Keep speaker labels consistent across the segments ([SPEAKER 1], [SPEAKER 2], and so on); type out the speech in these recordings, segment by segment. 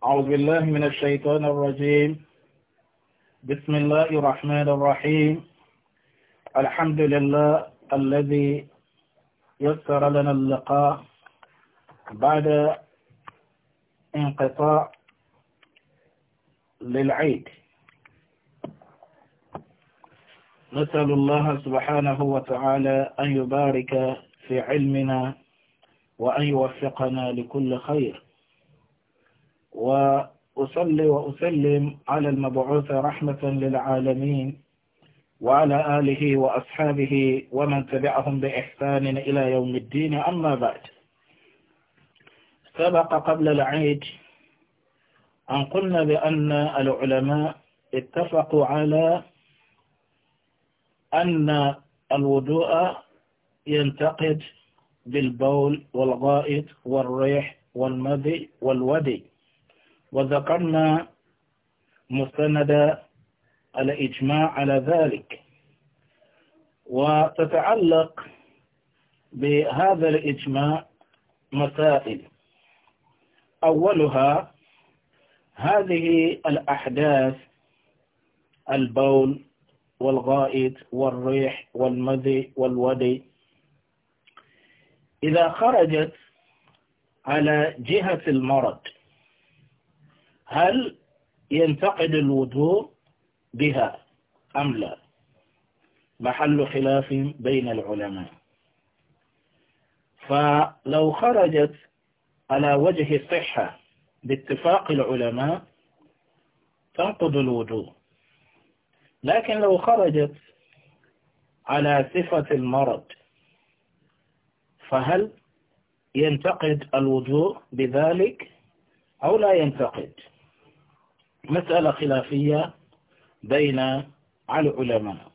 [SPEAKER 1] أعوذ بالله من الشيطان الرجيم بسم الله الرحمن الرحيم الحمد لله الذي يسر لنا اللقاء بعد انقطاع للعيد نسأل الله سبحانه وتعالى أن يبارك في علمنا وأن يوفقنا لكل خير وأصلي وأسلم على المبعوث رحمة للعالمين وعلى آله وأصحابه ومن تبعهم بإحسان إلى يوم الدين أما بعد سبق قبل العيد أن قلنا بأن العلماء اتفقوا على أن الوضوء ينتقد بالبول والغائط والريح والمذي والودي وذكرنا مستند الإجماع على ذلك وتتعلق بهذا الإجماع مسائل أولها هذه الأحداث البول والغائط والريح والمذي والودي إذا خرجت على جهة المرض هل ينتقد الوضوء بها أم لا محل خلاف بين العلماء فلو خرجت على وجه الصحة باتفاق العلماء تنقض الوجوه لكن لو خرجت على صفة المرض فهل ينتقد الوجوه بذلك أو لا ينتقد مسألة خلافية بين العلماء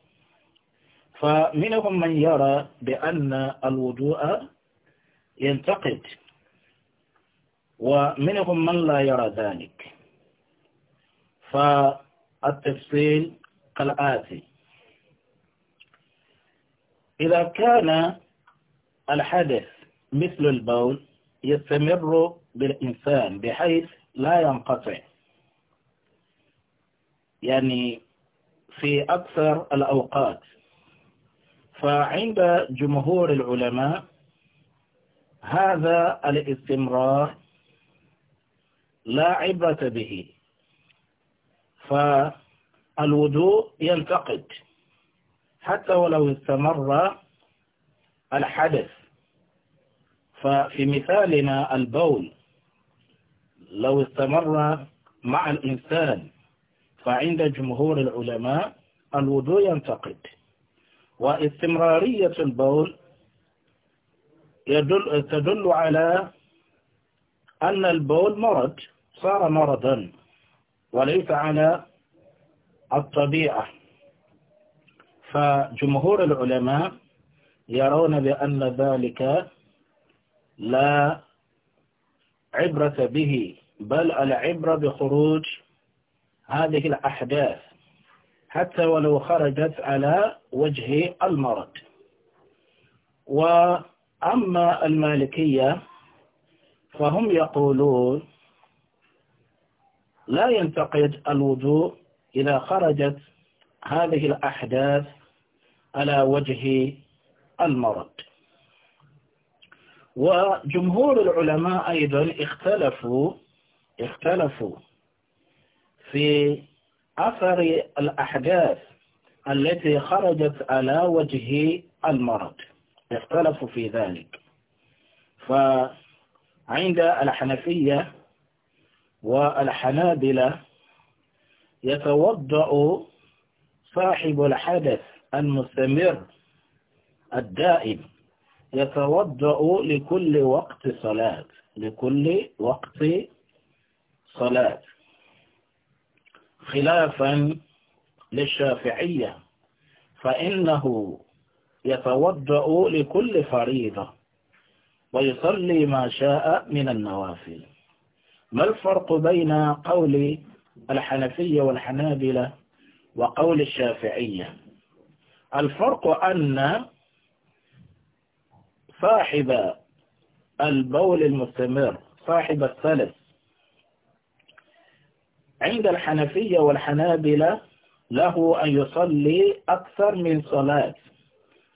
[SPEAKER 1] فمنهم من يرى بأن الوضوء ينتقد ومنهم من لا يرى ذلك فالتفصيل كالآتي إذا كان الحدث مثل البول يستمر بالإنسان بحيث لا ينقطع يعني في أكثر الأوقات فعند جمهور العلماء هذا الاستمرار لا عبرة به فالوضوء ينتقد حتى ولو استمر الحدث ففي مثالنا البول لو استمر مع الإنسان فعند جمهور العلماء الوضوء ينتقد واستمرارية البول يدل تدل على أن البول مرض صار مرضا وليس على الطبيعة فجمهور العلماء يرون بأن ذلك لا عبرة به بل العبرة بخروج هذه الأحداث حتى ولو خرجت على وجه المرض وأما المالكية فهم يقولون لا ينتقد الوضوء إذا خرجت هذه الأحداث على وجه المرض وجمهور العلماء أيضا اختلفوا اختلفوا في أثر الأحداث التي خرجت على وجه المرض اختلفوا في ذلك فعند الحنفية والحنابلة يتوضأ صاحب الحدث المستمر الدائم يتوضأ لكل وقت صلاة لكل وقت صلاة خلافا للشافعية فإنه يتوضأ لكل فريضة ويصلي ما شاء من النوافل ما الفرق بين قول الحنفية والحنابلة وقول الشافعية الفرق أن صاحب البول المستمر صاحب الثلث عند الحنفية والحنابلة له أن يصلي أكثر من صلاة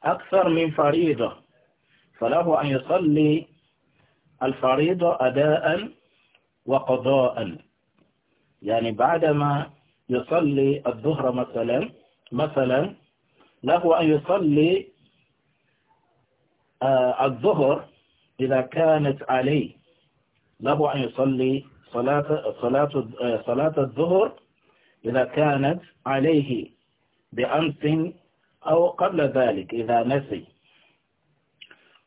[SPEAKER 1] أكثر من فريضة فله أن يصلي الفريضة أداء وقضاء يعني بعدما يصلي الظهر مثلا مثلا له أن يصلي آه، الظهر إذا كانت عليه له أن يصلي صلاة, صلاة, آه، صلاة الظهر إذا كانت عليه بأمس أو قبل ذلك إذا نسي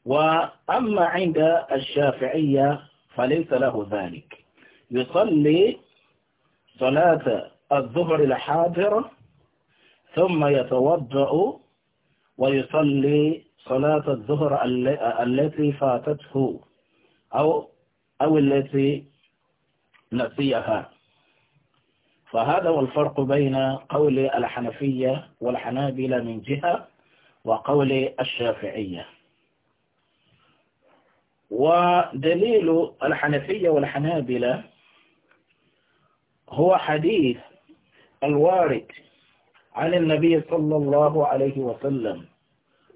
[SPEAKER 1] وأما عند الشافعية فليس له ذلك يصلي صلاة الظهر الحاضرة ثم يتوضأ ويصلي صلاة الظهر التي فاتته أو أو التي نسيها فهذا هو الفرق بين قول الحنفية والحنابلة من جهة وقول الشافعية ودليل الحنفية والحنابلة هو حديث الوارد عن النبي صلى الله عليه وسلم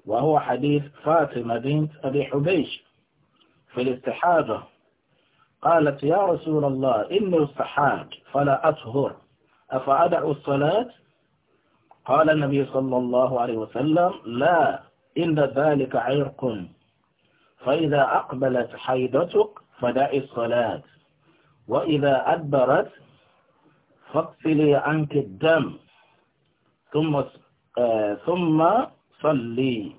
[SPEAKER 1] وهو حديث فاطمة بنت أبي حبيش في الاستحاضة قالت يا رسول الله إني استحاج فلا أطهر أفأدع الصلاة قال النبي صلى الله عليه وسلم لا إن ذلك عرق فإذا أقبلت حيدتك فدع الصلاة وإذا أدبرت فاغسلي عنك الدم ثم آه، ثم صلي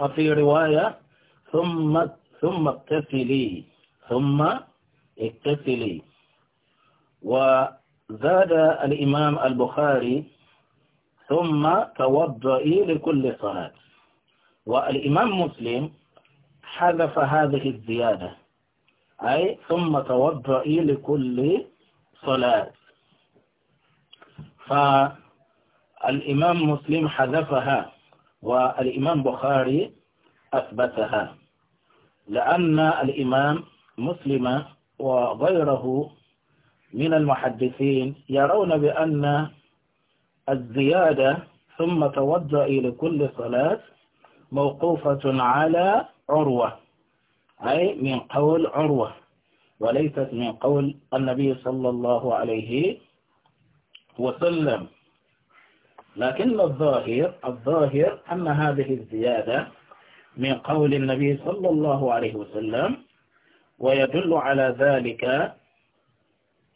[SPEAKER 1] وفي رواية ثم ثم اغتسلي ثم اتصلي وزاد الإمام البخاري ثم توضئي لكل صلاة والإمام مسلم حذف هذه الزيادة أي ثم توضئي لكل صلاة فالإمام مسلم حذفها والإمام بخاري أثبتها لأن الإمام مسلم وغيره من المحدثين يرون بأن الزيادة ثم توضأ لكل صلاة موقوفة على عروة أي من قول عروة وليست من قول النبي صلى الله عليه وسلم لكن الظاهر الظاهر أن هذه الزيادة من قول النبي صلى الله عليه وسلم ويدل على ذلك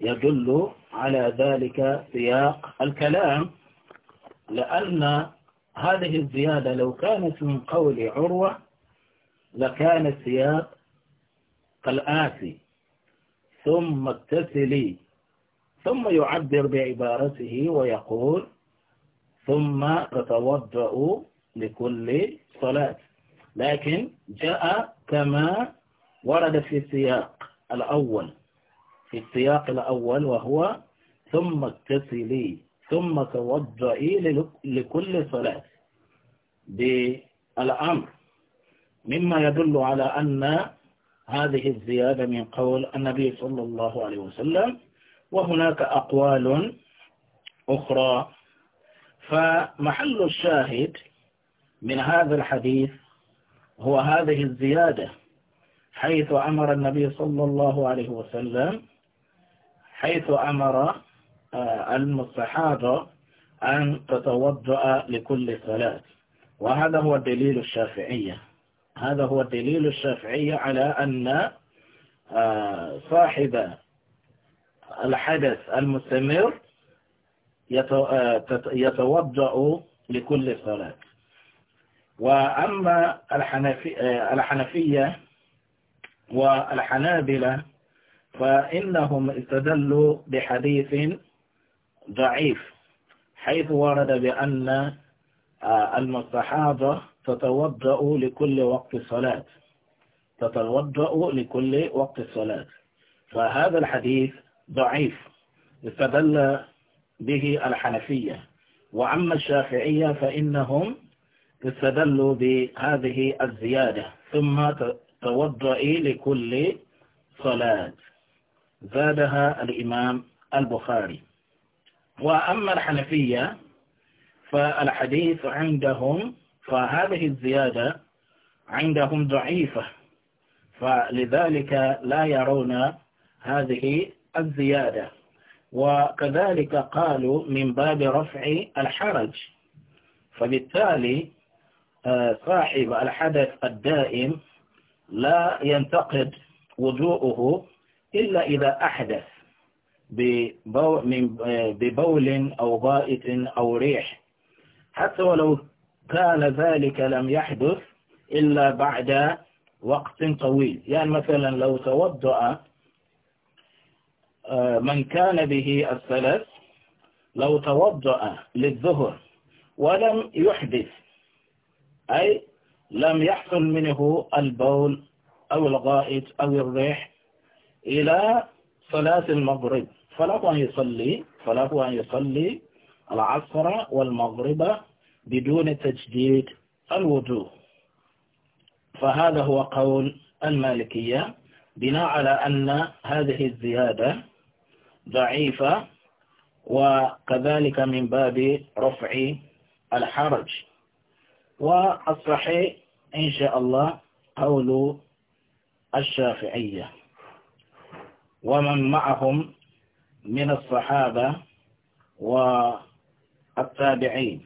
[SPEAKER 1] يدل على ذلك سياق الكلام لأن هذه الزيادة لو كانت من قول عروة لكان السياق كالآتي ثم اتسلي ثم يعبر بعبارته ويقول ثم تتوضأ لكل صلاة لكن جاء كما ورد في السياق الأول في السياق الأول وهو ثم اغتسلي ثم توضئي لكل صلاة بالأمر مما يدل على أن هذه الزيادة من قول النبي صلى الله عليه وسلم وهناك أقوال أخرى فمحل الشاهد من هذا الحديث هو هذه الزيادة حيث أمر النبي صلى الله عليه وسلم حيث أمر آه، المصحابة أن تتوضأ لكل صلاة وهذا هو الدليل الشافعية هذا هو الدليل الشافعية على أن آه، صاحب الحدث المستمر آه، يتوضأ لكل صلاة وأما الحنفية والحنابلة فإنهم استدلوا بحديث ضعيف حيث ورد بأن آه، المصحابة تتوضأ لكل وقت صلاة تتوضأ لكل وقت الصلاة فهذا الحديث ضعيف استدل به الحنفية وأما الشافعية فإنهم استدلوا بهذه الزيادة ثم توضئي إيه لكل صلاة زادها الإمام البخاري وأما الحنفية فالحديث عندهم فهذه الزيادة عندهم ضعيفة فلذلك لا يرون هذه الزيادة وكذلك قالوا من باب رفع الحرج فبالتالي آه، صاحب الحدث الدائم لا ينتقد وضوءه إلا إذا أحدث ببول أو بائت أو ريح حتى ولو كان ذلك لم يحدث إلا بعد وقت طويل يعني مثلا لو توضأ آه، من كان به الثلاث لو توضأ للظهر ولم يحدث أي لم يحصل منه البول أو الغائط أو الريح إلى صلاة المغرب فله أن يصلي فله أن يصلي العصر والمغرب بدون تجديد الوضوء فهذا هو قول المالكية بناء على أن هذه الزيادة ضعيفة وكذلك من باب رفع الحرج والصحيح إن شاء الله قول الشافعية ومن معهم من الصحابة والتابعين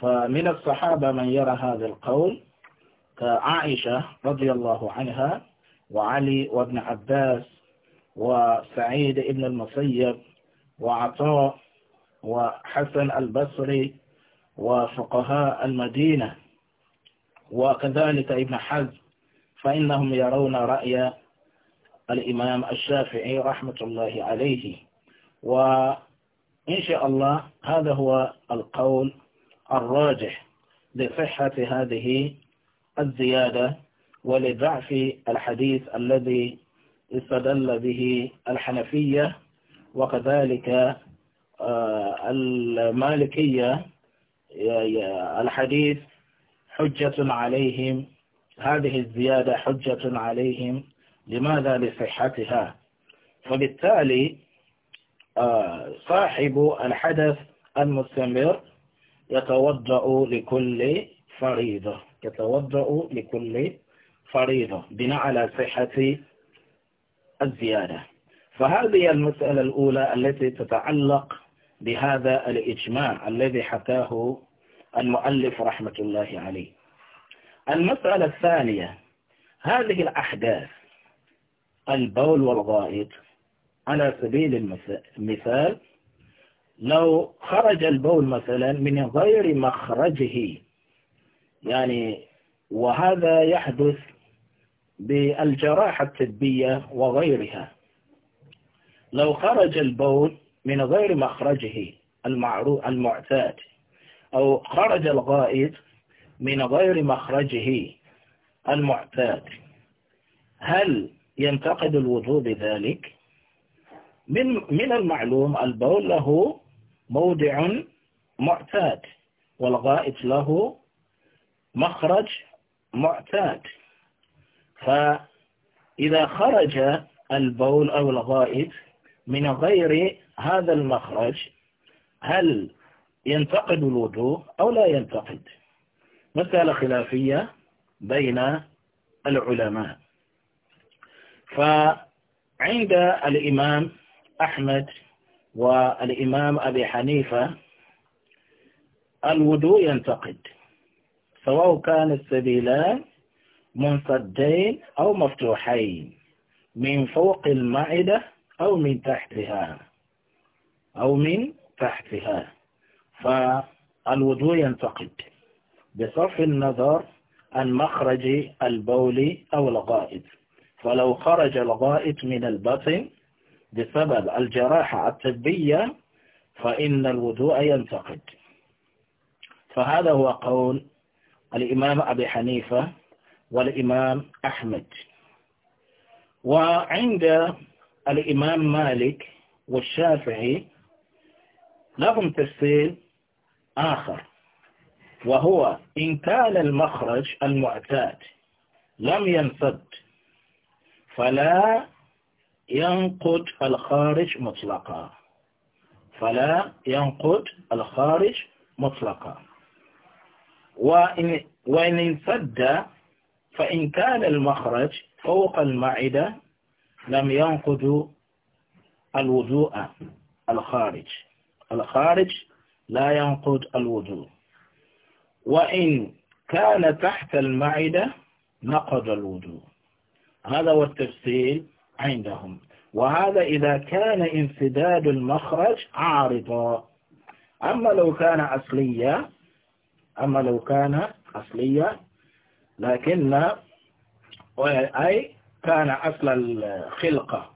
[SPEAKER 1] فمن الصحابة من يرى هذا القول كعائشة رضي الله عنها وعلي وابن عباس وسعيد ابن المصيب وعطاء وحسن البصري وفقهاء المدينة وكذلك ابن حزم فإنهم يرون رأي الإمام الشافعي رحمة الله عليه وإن شاء الله هذا هو القول الراجح لصحة هذه الزيادة ولضعف الحديث الذي استدل به الحنفية وكذلك آه، المالكية الحديث حجة عليهم هذه الزيادة حجة عليهم لماذا لصحتها فبالتالي آه، صاحب الحدث المستمر يتوضأ لكل فريضة يتوضأ لكل فريضة بناء على صحة الزيادة فهذه المسألة الأولى التي تتعلق بهذا الإجماع الذي حكاه المؤلف رحمة الله عليه المسألة الثانية هذه الأحداث البول والغائط على سبيل المثال لو خرج البول مثلا من غير مخرجه يعني وهذا يحدث بالجراحة الطبية وغيرها لو خرج البول من غير مخرجه المعروف المعتاد أو خرج الغائط من غير مخرجه المعتاد هل ينتقد الوضوء بذلك من من المعلوم البول له موضع معتاد والغائط له مخرج معتاد فإذا خرج البول أو الغائط من غير هذا المخرج هل ينتقد الوضوء أو لا ينتقد مسألة خلافية بين العلماء فعند الإمام أحمد والإمام أبي حنيفة الوضوء ينتقد سواء كان السبيلان منصدين أو مفتوحين من فوق المعدة أو من تحتها أو من تحتها فالوضوء ينتقد بصرف النظر عن مخرج البول أو الغائط فلو خرج الغائط من البطن بسبب الجراحة الطبية فإن الوضوء ينتقد فهذا هو قول الإمام أبي حنيفة والإمام أحمد وعند الإمام مالك والشافعي لهم تفسير آخر وهو إن كان المخرج المعتاد لم ينفد فلا ينقض الخارج مطلقا فلا ينقض الخارج مطلقا وإن, وإن انفد فإن كان المخرج فوق المعدة لم ينقض الوضوء الخارج الخارج لا ينقض الوضوء وإن كان تحت المعدة نقض الوضوء هذا هو التفصيل عندهم وهذا إذا كان انسداد المخرج عارضا أما لو كان أصليا أما لو كان أصليا لكن أي كان أصل الخلقة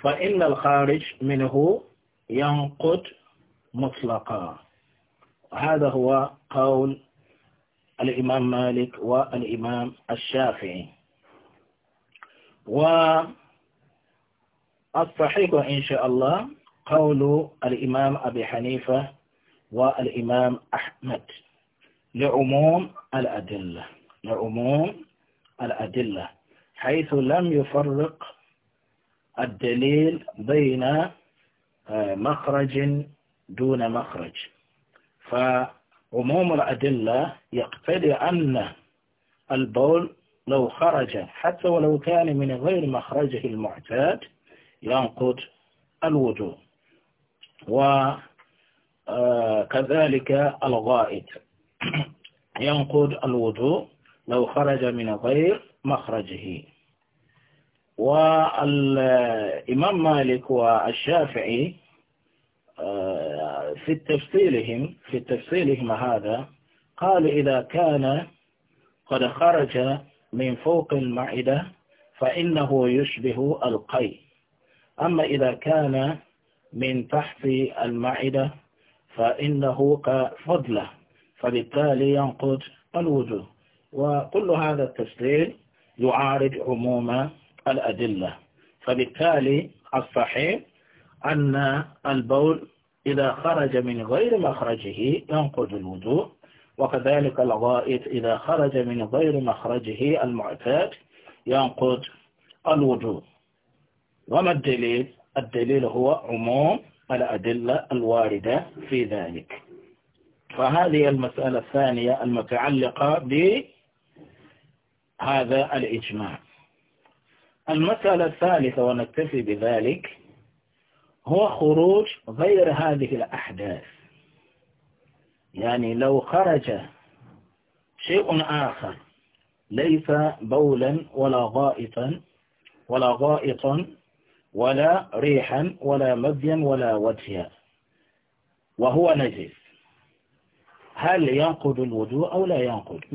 [SPEAKER 1] فإن الخارج منه ينقض مطلقا هذا هو قول الإمام مالك والإمام الشافعي والصحيح إن شاء الله قول الإمام أبي حنيفة والإمام أحمد لعموم الأدلة لعموم الأدلة حيث لم يفرق الدليل بين آه، مخرج دون مخرج فعموم الأدلة يقتضي أن البول لو خرج حتى ولو كان من غير مخرجه المعتاد ينقض الوضوء وكذلك آه، الغائط ينقض الوضوء لو خرج من غير مخرجه والإمام مالك والشافعي آه، في تفصيلهم في تفصيلهم هذا قال إذا كان قد خرج من فوق المعدة فإنه يشبه القي أما إذا كان من تحت المعدة فإنه كفضلة فبالتالي ينقض الوجود وكل هذا التفصيل يعارض عموم الأدلة فبالتالي الصحيح أن البول إذا خرج من غير مخرجه ينقض الوضوء وكذلك الغائط إذا خرج من غير مخرجه المعتاد ينقض الوضوء وما الدليل؟ الدليل هو عموم الأدلة الواردة في ذلك فهذه المسألة الثانية المتعلقة بهذا الإجماع المسألة الثالثة ونكتفي بذلك هو خروج غير هذه الأحداث يعني لو خرج شيء آخر ليس بولا ولا غائطا ولا غائطا ولا ريحا ولا مديا ولا وجها وهو نجس هل ينقض الوضوء أو لا ينقض